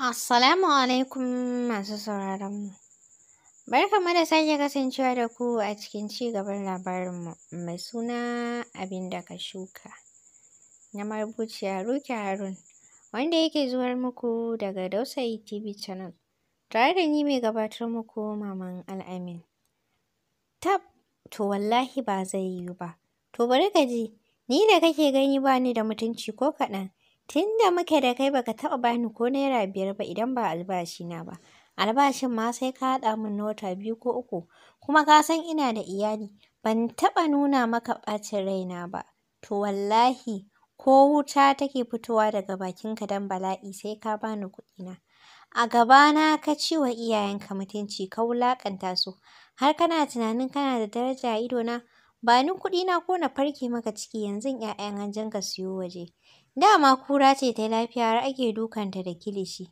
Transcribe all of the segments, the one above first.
Assalamu alaikum masu sauraron sauraronmu. Barkanmu da sake kasancewa da ku a cikin ci gaban labarinmu mai suna abin da ka shuka. Na marubuciya Ruki Harun wanda yake zuwar muku daga Dausayi TV channel tare da ni mai gabatar muku Maman Al'amin. Tab, to wallahi ba zai yiwu ba. To bari ka ji, ni da kake gani ba ni da mutunci ko kaɗan. Tun da muke da kai baka taɓa bani ko naira biyar ba idan ba albashina ba. Albashin ma sai ka haɗa min na biyu ko uku, kuma ka san ina da iyali, ban taɓa nuna maka ɓacin raina ba. To wallahi ko wuta take fitowa daga bakinka don bala'i sai ka bani kuɗina. A gabana ka ci wa iyayenka mutunci ka wulaƙanta su, har kana tunanin kana da daraja a idona, ba ni kuɗina ko na farke maka ciki yanzu 'ya'yan hanjinka su siyo waje. Dama kura ce ta lafiya har ake dukanta da kilishi.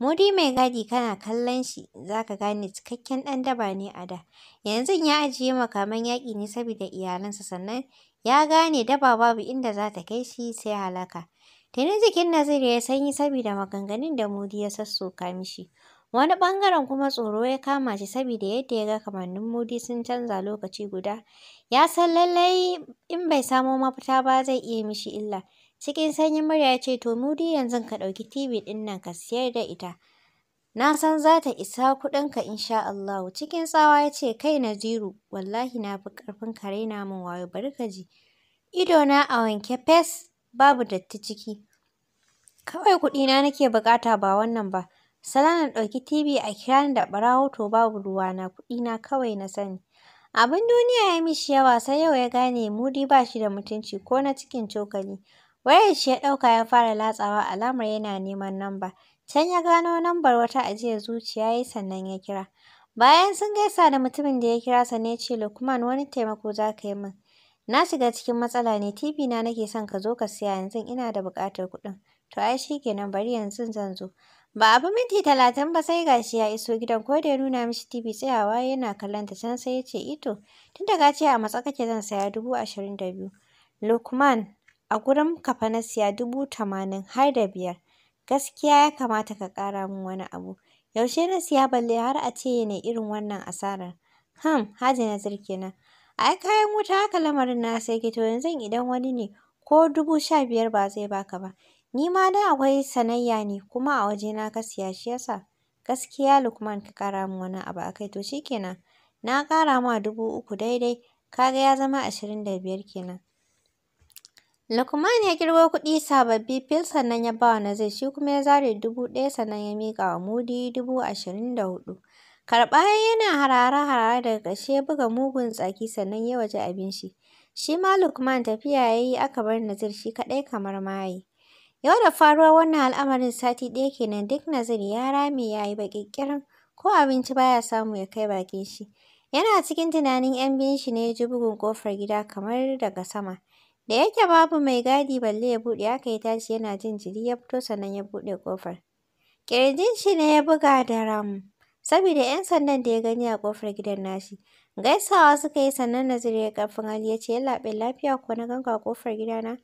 Mudi mai gadi kana kallon shi za ka gane cikakken ɗan daba ne a da. Yanzu ya ajiye makaman yaƙi ne saboda iyalansa sannan ya gane daba babu inda za ta kai shi sai halaka. Tuni jikin Nazir ya sanyi saboda maganganun da Mudi ya sassoka mishi. Wani ɓangaren kuma tsoro ya kama shi saboda yadda ya ga kamannin Mudi sun canza lokaci guda. Ya san lallai in bai samo mafita ba zai iya mishi illa. Cikin sanyin murya ya ce, to mu dai yanzu ka ɗauki TV ɗin nan ka siyar da ita. Na san za ta isa kuɗinka insha Allahu. Cikin tsawa ya ce, kai na, jiru." wallahi na fi ƙarfin ka raina min wayo bari ka ji. Idona a wanke fes babu datti ciki. Kawai na nake bukata ba wannan ba. Sala na ɗauki TV a kira ni da ɓarawo to babu ruwa na ruwana na kawai na sani. Abin duniya ya mishi yawa sai yau ya gane Mudi ba shi da mutunci ko na cikin cokali. Wayar shi ya ɗauka ya fara latsawa alamar yana neman namba. Can ya gano nambar wata ajiyar zuciya ya yi sannan ya kira. Bayan sun gaisa da mutumin da ya kira sa ne ce Lukman wani taimako za ka yi min. Na shiga cikin matsala ne TV na nake son ka zo ka siya yanzu ina da buƙatar kuɗin. To ai shi kenan bari yanzu zan zo. Ba a abu minti talatin ba sai gashi ya iso gidan ko da ya nuna mishi TV tsayawa yana kallon ta can sai ya ce ito tun da ka a matsa kake zan saya dubu ashirin da biyu. Lukman A gurin fa na siya dubu tamanin har da biyar, gaskiya ya kamata ka ƙara min wani abu, yaushe na siya balle har a ce ne irin wannan asarar. Ham! Haji na. A Ai kayan wuta haka lamarin sai ke to yanzu idan wani ne ko dubu sha biyar ba zai baka ba. Ni ma dai akwai sanayya ne kuma a waje na ka siya shi yasa Gaskiya Lukman ka ƙara min wani abu a kai to shi kenan. Na ƙara ma dubu uku daidai, kaga ya zama ashirin da biyar kenan. Lukman ya kirwo kuɗi sababbi fil sannan ya ba wa Nazir shi kuma ya zare dubu ɗaya sannan ya miƙa wa Mudi dubu ashirin da hudu. Karɓa yana harare-harare daga ƙarshe buga mugun tsaki sannan ya waje abin shi. Shi ma Lukman tafiya ya yi aka bar Nazir shi kaɗai kamar maye. Yau da faruwar wannan al'amarin sati ɗaya kenan duk Nazir ya rame ya yi baƙiƙirin ko abinci baya samu ya kai bakin shi. Yana cikin tunanin 'yan biyun shi ne ya ji bugun ƙofar gida kamar daga sama. Da yake babu mai gadi balle ya buɗe aka yi tashi yana jin jiri ya fito sannan ya buɗe ƙofar. Ƙirjin shi ne ya buga da ramu. saboda 'yan sandan da ya gani a ƙofar gidan nashi. Gaisawa suka yi sannan Nazir ya ƙarfin hali ya ce lafiya ko na ganka kofar ƙofar gidana.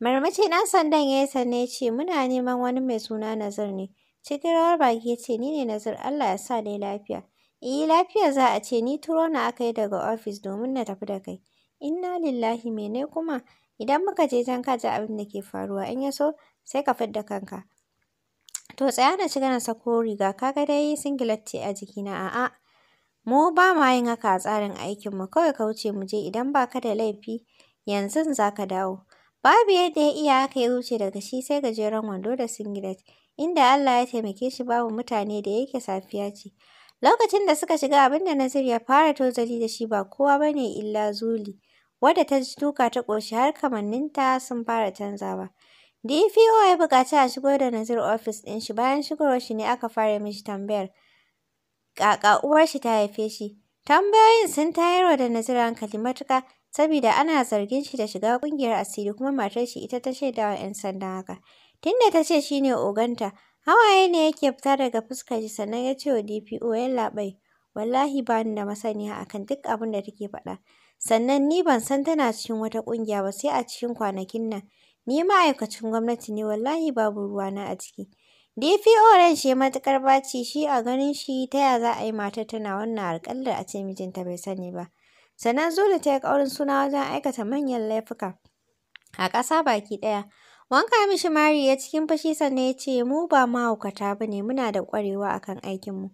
Marmaci ɗan sandan ya yi sannan ya ce muna neman wani mai suna Nazir ne. Cikin rawar baki ya ce ni ne Nazir Allah ya sa dai lafiya. Eh lafiya za a ce ni turo na aka yi daga ofis domin na tafi da kai. Inna lillahi mene kuma? Idan muka je can ka ji abin da ke faruwa in ya so sai ka fidda kanka. To tsaya na shiga na sako riga ka ga dai singlet ce a jikina a'a. Mu ba ma yin haka a tsarin aikin mu kawai ka wuce mu je idan ba ka da laifi yanzu za ka dawo. Babu yadda ya iya haka ya wuce daga shi sai gajeren wando da singlet inda Allah ya taimake shi babu mutane da yake safiya ce. Lokacin da suka shiga abin da Nazir ya fara tozali da shi ba kowa bane illa Zuli. wadda ta ji tuka ta ƙoshi har kamanninta sun fara canzawa. DPO e ya buƙaci a shigo da Nazir ofis ɗin shi bayan shigarwar shi ne aka fara mishi tambayar ƙaƙa uwar shi ta haife shi. Tambayoyin sun tayarwa da Nazir hankali matuƙa saboda ana zargin shi da shiga ƙungiyar asiri kuma matar shi ita ta shaida wa 'yan sanda haka. Tunda ta ce shi ne oganta, hawaye ne yake fita daga fuskar shi sannan ya ce wa DPO yallaɓai Wallahi ba ni da masaniya akan duk abin da take faɗa. Sannan ni ban san tana cikin wata ƙungiya ba sai a cikin kwanakin nan. Ni ma'aikacin gwamnati ne wallahi babu ruwa na a ciki. DPO ran shi matuƙar baci shi a ganin shi ta ya za a yi matar tana wannan alƙalar a ce mijinta bai sani ba. Sannan Zulu ta yi ƙaurin suna wajen aikata manyan laifuka a ƙasa baki ɗaya. Wanka mishi mari ya cikin fushi sannan ya ce mu ba mahaukata ba ne muna da ƙwarewa akan aikinmu.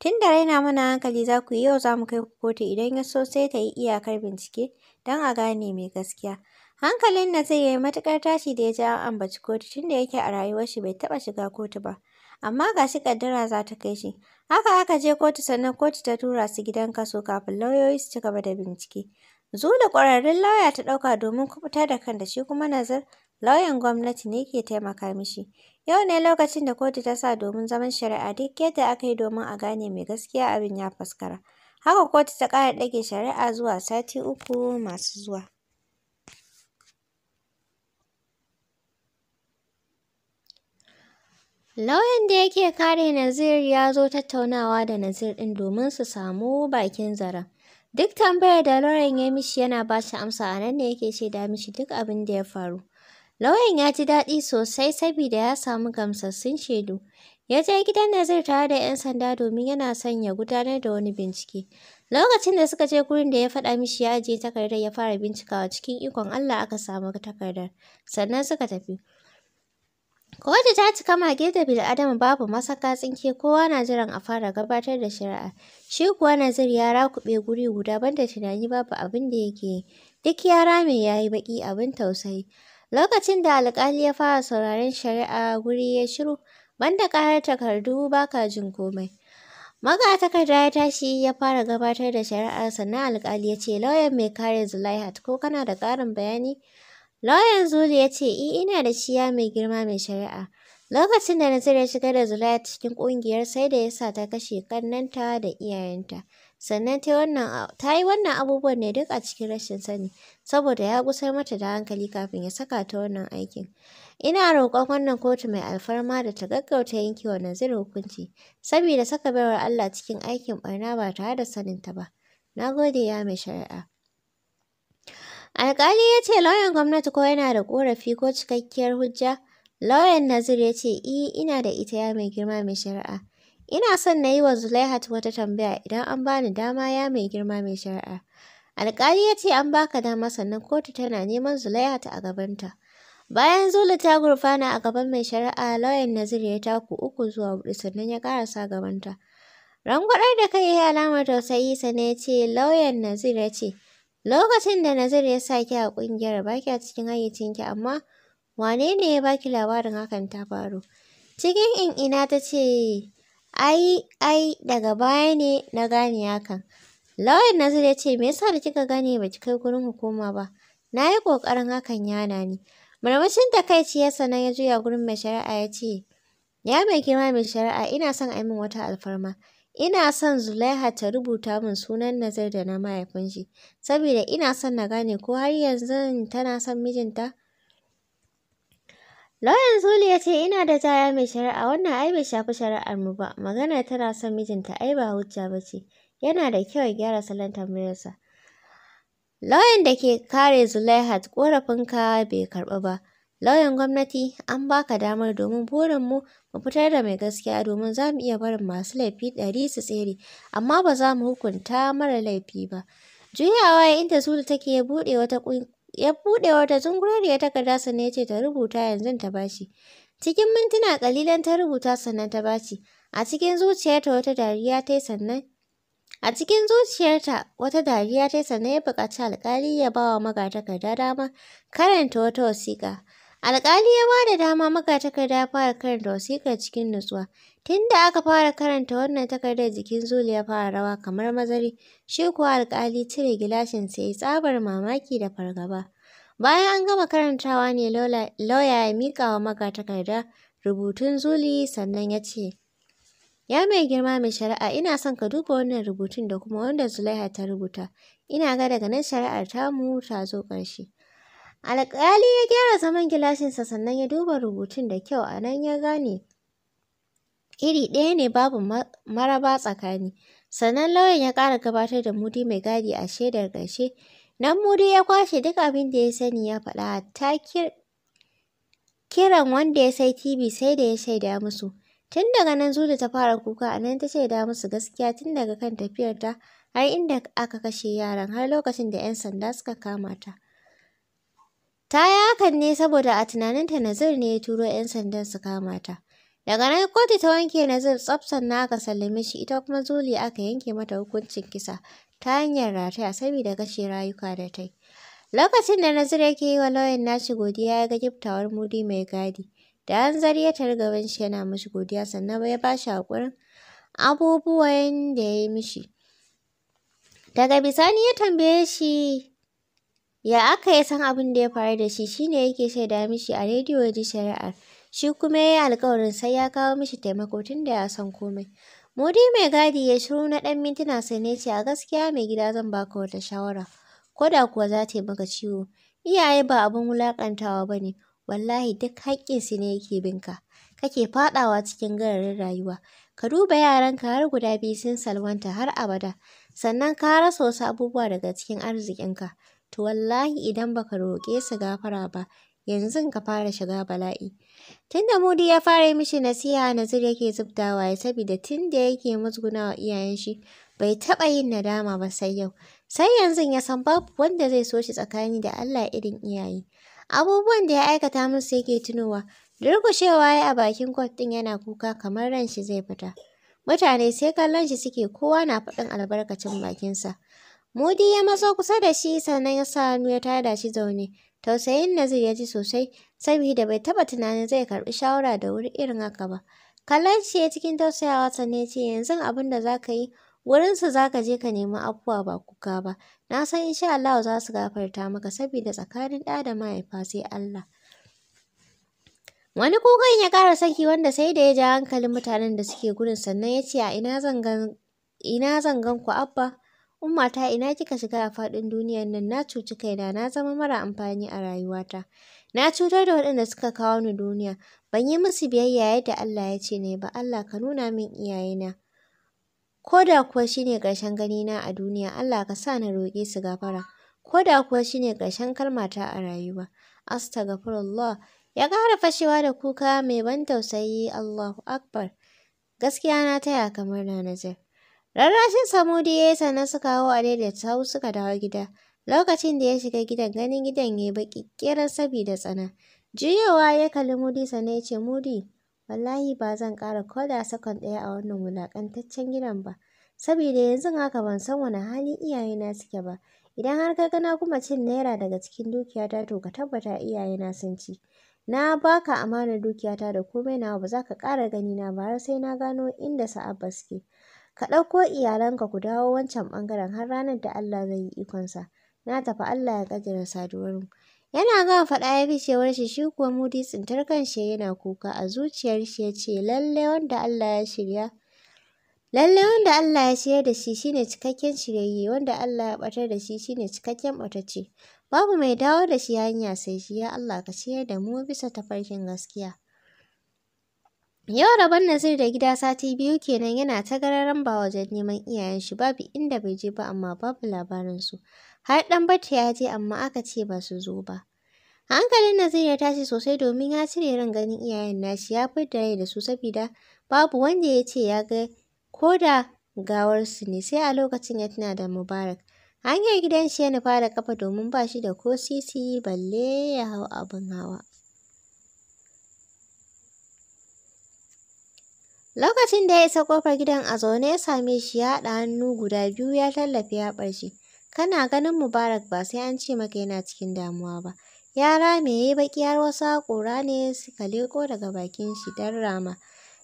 Tun da raina mana hankali za ku yi yau za mu kai ku kotu idan ya so sai ta yi iyakar bincike don a gane mai gaskiya. Hankalin na zai yi matuƙar tashi da ya ji an ambaci kotu tun da yake a rayuwar shi bai taɓa shiga kotu ba. Amma ga shi ƙaddara za ta kai shi. Haka aka je kotu sannan kotu ta tura su gidan kaso kafin lauyoyi su ci gaba da bincike. Zuwa da ƙwararrun lauya ta ɗauka domin kuɓutar da kan da shi kuma nazar? lauyan gwamnati ne ke taimaka mishi. Yau ne lokacin da kotu ta sa domin zaman shari'a duk yadda aka yi domin a gane mai gaskiya abin ya faskara. Haka kotu ta ƙara ɗage shari'a zuwa sati uku masu zuwa. Lauyan da yake kare Nazir ya zo tattaunawa da Nazir ɗin domin su samu bakin zaren. Duk tambayar da lauyan ya mishi yana ba shi amsa a nan ne yake shaida mishi duk abin da ya faru. Lauyan ya ji daɗi sosai saboda ya samu gamsassun shaidu. Ya je gidan Nazir tare da 'yan sanda domin yana son ya gudanar da wani bincike. Lokacin da suka je gurin da ya faɗa mishi ya ajiye takardar ya fara bincikawa cikin ikon Allah aka samu takardar. Sannan suka tafi. Kotu ta cika mage da bil bil'adama babu masaka tsinke kowa na jiran a fara gabatar da shari'a. Shi kuwa Nazir ya rakuɓe guri guda banda tunani babu abin da yake yi. Duk ya rame ya yi baƙi abin tausayi. Lokacin da alƙali ya fara sauraron shari'a guri ya shiru, banda ƙarar takardu ba ka jin komai. Magatakarda ya tashi ya fara gabatar da shari'a sannan alƙali ya ce lauyan mai kare Zulaihat ko kana da ƙarin bayani? Lauyan zulu ya ce i eh, ina da ciya mai girma mai shari'a. Lokacin da Nasiru ya shiga da Zulaihat cikin ƙungiyar sai da ya sa ta kashe kannanta da iyayenta. sannan ta wannan ta yi wannan abubuwan ne duk a cikin rashin sani saboda ya gusar mata da hankali kafin ya saka ta wannan aikin ina roƙon wannan kotu mai alfarma da ta gaggauta yanke wa Nazir hukunci saboda saka baiwar Allah cikin aikin barna ba tare da ta ba na gode ya mai shari'a alƙali ya ce lauyan gwamnati ko yana da ƙorafi ko cikakkiyar hujja lauyan Nazir ya ce i eh, ina da ita ya mai girma mai shari'a Ina son na yi wa Zulaihat wata tambaya idan an bani dama ya mai girma mai shari'a. Alƙali ya ce an baka dama sannan kotu tana neman Zulaihat a gabanta. Bayan Zulu ta gurfana a gaban mai shari'a lauyan Nazir ya taku uku zuwa hudu sannan ya ƙarasa gabanta. Rangwaɗar da kai ya alamar tausayi sannan ya ce lauyan Nazir ya ce lokacin da Nazir ya sa ki a ƙungiyar ba ki a cikin hayyacinki amma wane ne ya baki labarin hakan ta faru? Cikin in ina ta ce Ai, ai, daga baya ne na gane hakan. Lauyan na zai ce, me yasa da kika gane ba ki kai gurin hukuma ba? Na yi ƙoƙarin hakan ya hana ni. kai takaici ya sanan ya juya gurin mai shari'a ya ce, ya mai girma mai shari'a ina son a yi min wata alfarma. Ina son Zulaiha ta rubuta min sunan nazar da na mahaifin shi, saboda ina son na gane ko har yanzu tana son mijinta. Lauyan Zulu ya ce ina da jaya mai shari'a wannan ai bai shafi shari'ar mu ba magana tana son mijinta ai ba hujja ba ce yana da kyau ya gyara salon tambayarsa. Lauyan da ke kare Zulaihat ƙorafinka bai karɓi ba. Lauyan gwamnati an baka damar domin burin mu mu fitar da mai gaskiya domin za mu iya barin masu laifi ɗari su tsere amma ba za mu hukunta mara laifi ba. Juyawa inda Zulu take ya buɗe wata ya buɗe wata ya takarda sannan ya ce ta rubuta yanzu ta bashi. Cikin mintuna ƙalilan ta rubuta sannan ta bashi. A cikin zuciyarta wata dariya ta sannan A cikin zuciyarta wata dariya ta sannan ya buƙaci alƙali ya ba wa magatakarda dama karanta wata wasiƙa. Alƙali ya ba da dama takarda ya fara karanta wasiƙar cikin nutsuwa. Tun da aka fara karanta wannan takardar jikin Zulu ya fara rawa kamar mazari, shi kuwa alƙali cire gilashin, ya yi tsabar mamaki da fargaba. Bayan an gama karantawa ne lauya ya miƙa wa magatakarda rubutun Zuli sannan ya ce, Ya mai girma mai shari'a ina son ka duba wannan rubutun da kuma wanda Zulaiha ta rubuta. Ina ga daga nan shari'ar tamu ta zo ƙarshe. Alƙali ya gyara zaman gilashinsa sannan ya duba rubutun da kyau a nan ya gane iri ɗaya ne babu maraba tsakani. Sannan lauyan ya ƙara gabatar da Mudi mai gadi a shaidar ƙarshe. Nan Mudi ya kwashe duk abin da ya sani ya faɗa ta kiran wanda ya sai TV sai da ya shaida musu. Tun daga nan Zuda ta fara kuka a nan ta shaida musu gaskiya tun daga kan tafiyarta har inda aka kashe yaran har lokacin da 'yan sanda suka kama ta. Ta yi hakan ne saboda a tunaninta Nazir ne ya turo 'yan sandan su kama ta. Daga nan kotu ta wanke Nazir tsaf sannan aka sallame shi ita kuma Zuli aka yanke mata hukuncin kisa ta hanyar rataya saboda kashe rayuka da ta yi. Lokacin da Nazir yake yi wa lauyan nashi godiya ya ga giftawar mudi mai gadi. Da hanzari ya tar gaban shi yana mishi godiya sannan ya ba shi haƙurin abubuwan da ya yi mishi. Daga bisani ya tambaye shi Ya aka yi san abin da ya faru da shi shine yake shaida mishi a rediyo ya ji shari'ar. Shi kuma ya yi alkawarin sai ya kawo mishi taimako tun da ya san komai. Modi mai gadi ya shiru na ɗan mintuna sai ne ce a gaskiya mai gida zan baka wata shawara. Ko da kuwa za ta yi maka ciwo. Iyaye ba abin wulaƙantawa ba ne. Wallahi duk haƙƙinsu ne yake binka. Kake faɗawa cikin gararin rayuwa. Ka duba yaranka har guda biyu sun salwanta har abada. Sannan ka rasa wasu abubuwa daga cikin arzikinka. to wallahi idan baka roƙe su gafara ba yanzu ka fara shiga bala'i. Tunda Mudi ya fara mishi nasiha Nazir yake zubdawa ya saboda tunda yake wa iyayen shi bai taɓa yin nadama ba sai yau. Sai yanzu ya san babu wanda zai so shi tsakani da Allah irin iyaye. Abubuwan da ya aikata musu yake tunowa, durgushewa ya a bakin kwat ɗin yana kuka kamar ran shi zai fita. Mutane sai kallon shi suke kowa na faɗin albarkacin bakinsa. Mudi ya maso kusa da shi sannan ya sa hannu ya tada shi zaune. Tausayin Nazir ya ji sosai saboda bai taɓa tunanin zai karɓi shawara da wuri irin haka ba. Kallon shi ya cikin tausayawa sannan ya ce yanzu abin da za ka yi wurinsu za ka je ka nemi afuwa ba kuka ba. Na san insha Allah za su gafarta maka saboda tsakanin ɗa da mahaifa sai Allah. Wani kukan ya ƙara saki wanda sai da ya ja hankalin mutanen da suke gurin sannan ya ce a ina zan gan ku abba. Ummata ina kika shiga a faɗin duniyar nan na cuci kaina na zama mara amfani a rayuwata. Na cutar da waɗanda suka kawo ni duniya. Ban yi musu biyayya yadda Allah ya ce ne ba. Allah ka nuna min iyayena. Ko da kuwa shi ne ƙarshen ganina a duniya, Allah ka sa na roƙe su gafara. Ko da kuwa shi ne ƙarshen kalmata a rayuwa. Astagfirullah. Ya ƙara fashewa da kuka mai ban tausayi Allahu Akbar. Gaskiya na taya kamar na nazar. Rarrashin Samudi ya yi sannan suka hau a da hau suka dawo gida. Lokacin da ya shiga gidan ganin gidan ya yi baƙi ƙirar sabida tsana. Juyowa ya kalli Mudi sannan ya ce Mudi wallahi ba zan ƙara koda sakon ɗaya a wannan wulaƙantaccen gidan ba. Sabida yanzu haka ban san wani hali iyayena suke ba. Idan har ka gana kuma cin naira daga cikin dukiyata to ka tabbata iyayena sun ci. Na baka amana dukiyata da komai nawa ba za ka ƙara ganina ba har sai na gano inda Sa'abba suke. Ka ɗauko iyalanka ku dawo wancan ɓangaren har ranar da Allah zai yi ikonsa. Na tafi Allah ya ƙaddara mu. Yana gama faɗa ya fi cewar shi shi kuwa mudi tsintar kanshi yana kuka a zuciyar shi ya ce lalle wanda Allah ya shirya. Lalle wanda Allah ya shirya da shi shine cikakken shiryayye wanda Allah ya ɓatar da shi shine cikakken ɓatacce. Babu mai dawo da shi hanya sai shi ya Allah ka ciyar da mu bisa tafarkin gaskiya. Yau rabon Nazir da gida sati biyu kenan yana ta gararan ba wajen neman iyayen shi babu inda bai je ba amma babu labarin su. Har dan Bata ya je amma aka ce ba su zo ba. Hankalin Nazir ya tashi sosai domin ya cire ran ganin iyayen nashi ya fidda rai da su saboda babu wanda ya ce ya ga koda gawar su ne sai a lokacin ya tuna da Mubarak. Hanyar gidan shi ya nufa da kafa domin ba shi da ko sisi balle ya hau abin hawa. Lokacin da ya isa ƙofar gidan a zaune ya same shi ya haɗa hannu guda biyu ya tallafe ya ɓarshe. Kana ganin Mubarak ba sai an ce maka yana cikin damuwa ba. Yara rame ya yi wasu haƙora ne suka leƙo daga bakin shi don rama.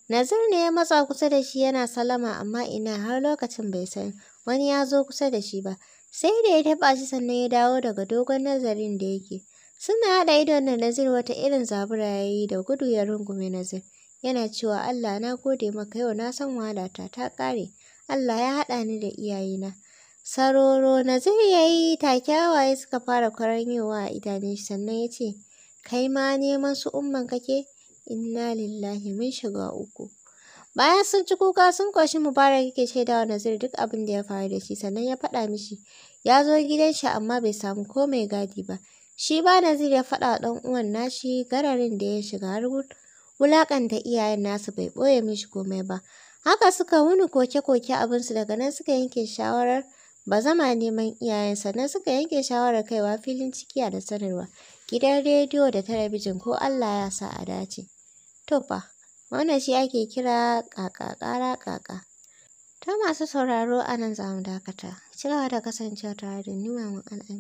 Nazir ne ya matsa kusa da shi yana salama amma ina har lokacin bai san wani ya zo kusa da shi ba. Sai da ya taɓa shi sannan ya dawo daga dogon nazarin da yake. Suna haɗa idon da Nazir wata irin zabura ya yi da gudu ya rungume Nazir. yana cewa Allah na gode maka yau na san wahalata ta ƙare, Allah ya haɗa ni da iyayena. Saroro na ya yi take suka fara kwaranyewa a idane sannan ya ce, Kai ma neman su umman kake? Inna lillahi mun shiga uku. Bayan sun ci kuka sun ƙoshi Mubarak yake shaidawa Nazir duk abin da ya faru da shi sannan ya faɗa mishi ya zo gidan shi amma bai samu ko mai gadi ba. Shi ba Nazir ya faɗa wa ɗan uwan nashi gararin da ya shiga har wulaƙanta iyayen nasu bai ɓoye mishi komai ba. Haka suka wuni koke-koke abinsu daga nan suka yanke shawarar ba zama neman iyayen sannan suka yanke shawarar kaiwa filin cikiya da sanarwa gidan rediyo da talabijin ko Allah ya sa a dace. To fa, wannan shi ake kira kara kaka Ta masu sauraro a nan za mu dakata. Ci ta da kasancewa tare da ni Maman